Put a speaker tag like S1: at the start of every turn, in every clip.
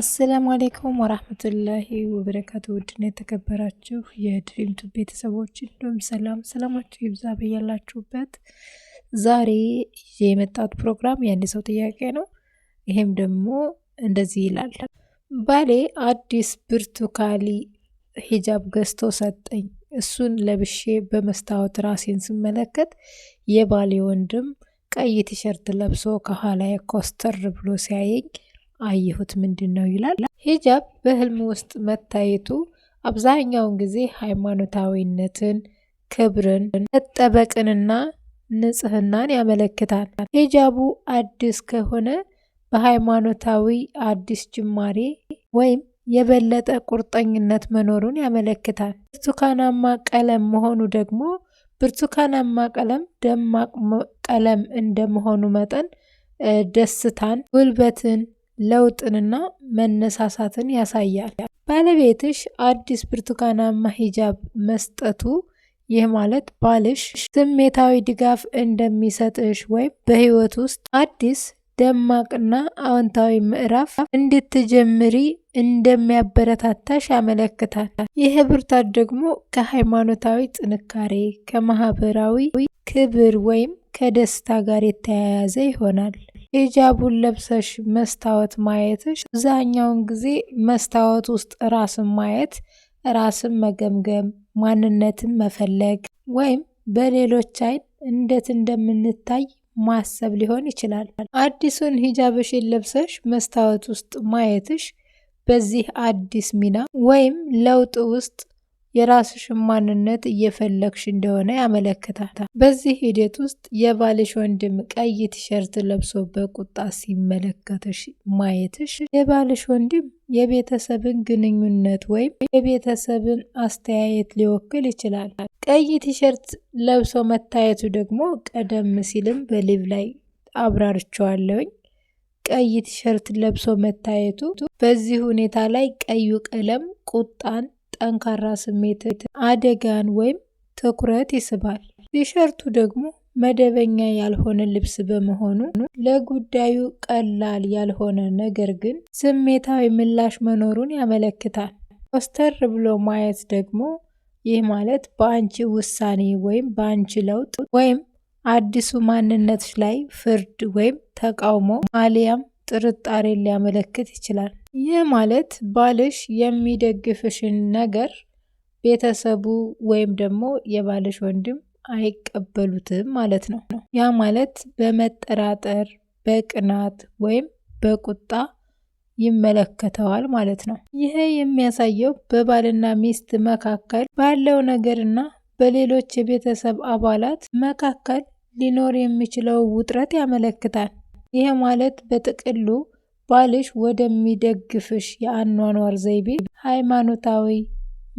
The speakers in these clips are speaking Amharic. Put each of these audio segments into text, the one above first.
S1: አሰላሙ አሌይኩም ወራህመቱላሂ ወበረካቱ። ውድና የተከበራችሁ የድሪም ቱብ ቤተሰቦች እንዲሁም ሰላም ሰላማችሁ ይብዛ በያላችሁበት። ዛሬ የመጣት ፕሮግራም የአንድ ሰው ጥያቄ ነው። ይሄም ደግሞ እንደዚህ ይላል። ባሌ አዲስ ብርቱካሊ ሂጃብ ገዝቶ ሰጠኝ። እሱን ለብሼ በመስታወት ራሴን ስመለከት የባሌ ወንድም ቀይ ቲሸርት ለብሶ ከኋላ ኮስተር ብሎ ሲያየኝ አየሁት። ምንድን ነው ይላል። ሂጃብ በህልም ውስጥ መታየቱ አብዛኛውን ጊዜ ሃይማኖታዊነትን፣ ክብርን፣ መጠበቅንና ንጽህናን ያመለክታል። ሂጃቡ አዲስ ከሆነ በሃይማኖታዊ አዲስ ጅማሬ ወይም የበለጠ ቁርጠኝነት መኖሩን ያመለክታል። ብርቱካናማ ቀለም መሆኑ ደግሞ ብርቱካናማ ቀለም ደማቅ ቀለም እንደመሆኑ መጠን ደስታን፣ ጉልበትን ለውጥንና መነሳሳትን ያሳያል። ባለቤትሽ አዲስ ብርቱካናማ ሂጃብ መስጠቱ ይህ ማለት ባልሽ ስሜታዊ ድጋፍ እንደሚሰጥሽ ወይም በህይወት ውስጥ አዲስ ደማቅና አዎንታዊ ምዕራፍ እንድትጀምሪ እንደሚያበረታታሽ ያመለክታል። ይህ ብርታት ደግሞ ከሃይማኖታዊ ጥንካሬ፣ ከማህበራዊ ክብር ወይም ከደስታ ጋር የተያያዘ ይሆናል። ሂጃቡን ለብሰሽ መስታወት ማየትሽ አብዛኛውን ጊዜ መስታወት ውስጥ ራስን ማየት ራስን መገምገም፣ ማንነትን መፈለግ ወይም በሌሎች አይን እንዴት እንደምንታይ ማሰብ ሊሆን ይችላል። አዲሱን ሂጃብሽን ለብሰሽ መስታወት ውስጥ ማየትሽ በዚህ አዲስ ሚና ወይም ለውጥ ውስጥ የራስሽን ማንነት እየፈለግሽ እንደሆነ ያመለክታል። በዚህ ሂደት ውስጥ የባልሽ ወንድም ቀይ ቲሸርት ለብሶ በቁጣ ሲመለከትሽ ማየትሽ የባልሽ ወንድም የቤተሰብን ግንኙነት ወይም የቤተሰብን አስተያየት ሊወክል ይችላል። ቀይ ቲሸርት ለብሶ መታየቱ ደግሞ ቀደም ሲልም በሊቭ ላይ አብራርቸዋለሁኝ። ቀይ ቲሸርት ለብሶ መታየቱ በዚህ ሁኔታ ላይ ቀዩ ቀለም ቁጣን ጠንካራ ስሜት አደጋን ወይም ትኩረት ይስባል። ቲሸርቱ ደግሞ መደበኛ ያልሆነ ልብስ በመሆኑ ለጉዳዩ ቀላል ያልሆነ ነገር ግን ስሜታዊ ምላሽ መኖሩን ያመለክታል። ኮስተር ብሎ ማየት ደግሞ ይህ ማለት በአንቺ ውሳኔ ወይም በአንቺ ለውጥ ወይም አዲሱ ማንነት ላይ ፍርድ ወይም ተቃውሞ አሊያም ጥርጣሬን ሊያመለክት ይችላል። ይህ ማለት ባልሽ የሚደግፍሽን ነገር ቤተሰቡ ወይም ደግሞ የባልሽ ወንድም አይቀበሉትም ማለት ነው። ያ ማለት በመጠራጠር በቅናት ወይም በቁጣ ይመለከተዋል ማለት ነው። ይሄ የሚያሳየው በባልና ሚስት መካከል ባለው ነገርና በሌሎች የቤተሰብ አባላት መካከል ሊኖር የሚችለው ውጥረት ያመለክታል። ይሄ ማለት በጥቅሉ ባልሽ ወደሚደግፍሽ የአኗኗር ዘይቤ ሃይማኖታዊ፣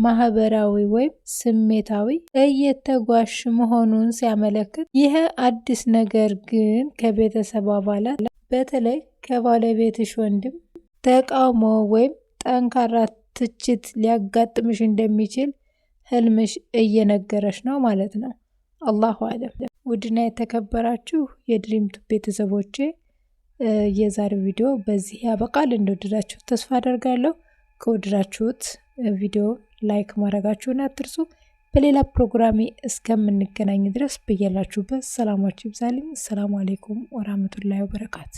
S1: ማህበራዊ ወይም ስሜታዊ እየተጓሽ መሆኑን ሲያመለክት፣ ይህ አዲስ ነገር ግን ከቤተሰብ አባላት በተለይ ከባለቤትሽ ወንድም ተቃውሞ ወይም ጠንካራ ትችት ሊያጋጥምሽ እንደሚችል ህልምሽ እየነገረሽ ነው ማለት ነው። አላሁ አለም። ውድና የተከበራችሁ የድሪምቱ ቤተሰቦቼ የዛሬው ቪዲዮ በዚህ ያበቃል። እንደወደዳችሁት ተስፋ አደርጋለሁ። ከወደዳችሁት ቪዲዮ ላይክ ማድረጋችሁን አትርሱ። በሌላ ፕሮግራሜ እስከምንገናኝ ድረስ በያላችሁበት ሰላማችሁ ይብዛልኝ። ሰላም አሌይኩም ወራህመቱላሂ ወበረካቱ